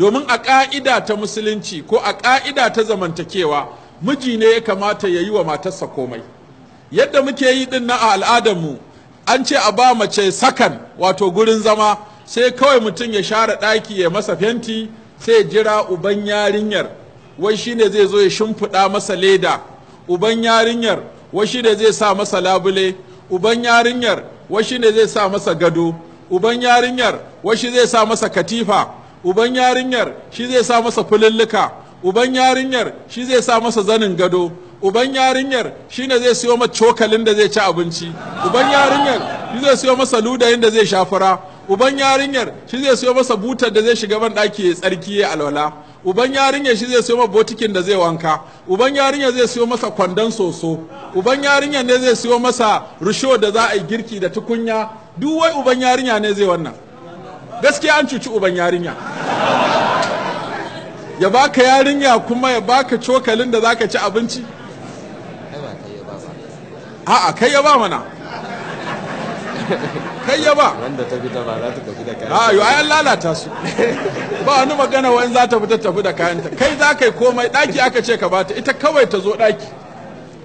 domin a ƙa'ida ta musulunci ko a ƙa'ida ta zamantakewa miji ne ya kamata ya yi wa matarsa komai yadda muke yi din na a al'adarmu an ce a ba mace sakan wato gurin zama sai kawai mutum ya share ɗaki ya masa fenti sai jira uban yarinyar wai ne zai zo ya shimfiɗa masa leda uban yarinyar wai ne zai sa masa labule uban yarinyar wai ne zai sa masa gado uban yarinyar wai shi zai sa masa katifa uban yarinyar shi zai sa masa fulillika uban yarinyar shi zai sa masa zanin gado uban yarinyar shi ne zai siyo masa cokalin da zai ci abinci uban yarinyar shi zai siyo masa ludayin da zai shafura uban yarinyar shi zai siyo masa butar da zai shiga ban ɗaki ya tsarki ya alwala uban yarinyar shi zai siyo masa botikin da zai wanka uban yarinyar zai siyo masa kwandon soso uban yarinyar ne zai siyo masa rusho da za a yi girki da tukunya duk wai uban yarinya ne zai wannan gaskiya an cuci uban yarinya ya baka yarinya kuma ya baka cokalin da zaka ci abinci a'a kai ya ba mana kai ya ba wanda ta fita ba za ta tafi da kayan a'a ayo ayan lalata su ba wani magana wani za ta fita tafi da kayanta kai za ka yi komai daki aka ce ka bata ita kawai ta zo daki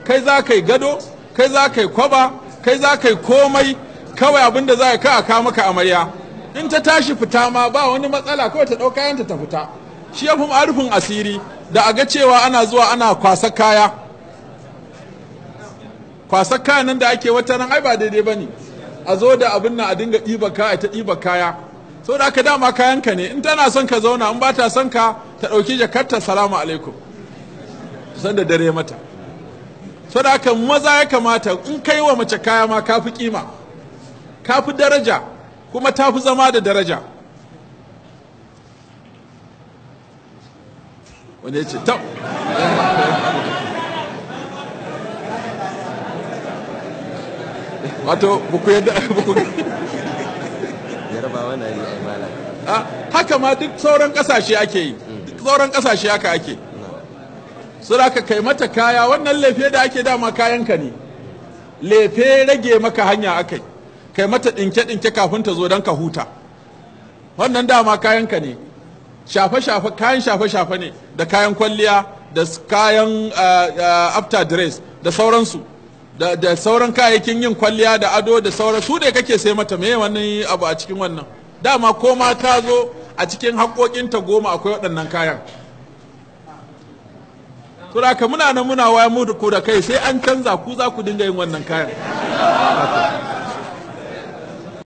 kai za ka yi gado kai za ka yi kwaba kai za ka yi komai kawai abinda za ka kawo maka amarya in ta tashi fita ma ba wani matsala kawai ta ɗauka yanta ta fita shi ya fi ma'arufin asiri da a ga cewa ana zuwa ana kwasa kaya kwasa kaya nan da ake wata nan ai ba daidai ba ne a zo da abin nan a dinga ɗiba kaya ta ɗiba kaya so da aka dama ka ne in tana son ka zauna in ba ta son ka ta ɗauki jakarta salamu alaikum san da dare mata so da aka maza ya kamata in kai wa mace kaya ma ka fi kima ka fi daraja kuma ta fi zama da daraja wani ya ce ta wato buku yadda buku yarbawa na yi aimala ah, haka ma duk sauran kasashe ake yi duk sauran kasashe haka ake su da kai mata kaya wannan lefe da ake dama kayanka ne lefe rage maka hanya akai kai mata ɗinke-ɗinke kafin ta zo don ka huta wannan dama ka ne shafe-shafe kayan shafe-shafe ne da kayan kwalliya da kayan after dress da sauransu da, sauran kayayyakin yin kwalliya da ado da sauran su ne kake sai mata me wani abu a cikin wannan dama ko ma ta zo a cikin haƙoƙinta goma akwai waɗannan kayan to ka muna nan muna waya mu da kai sai an canza ku za ku dinga yin wannan kayan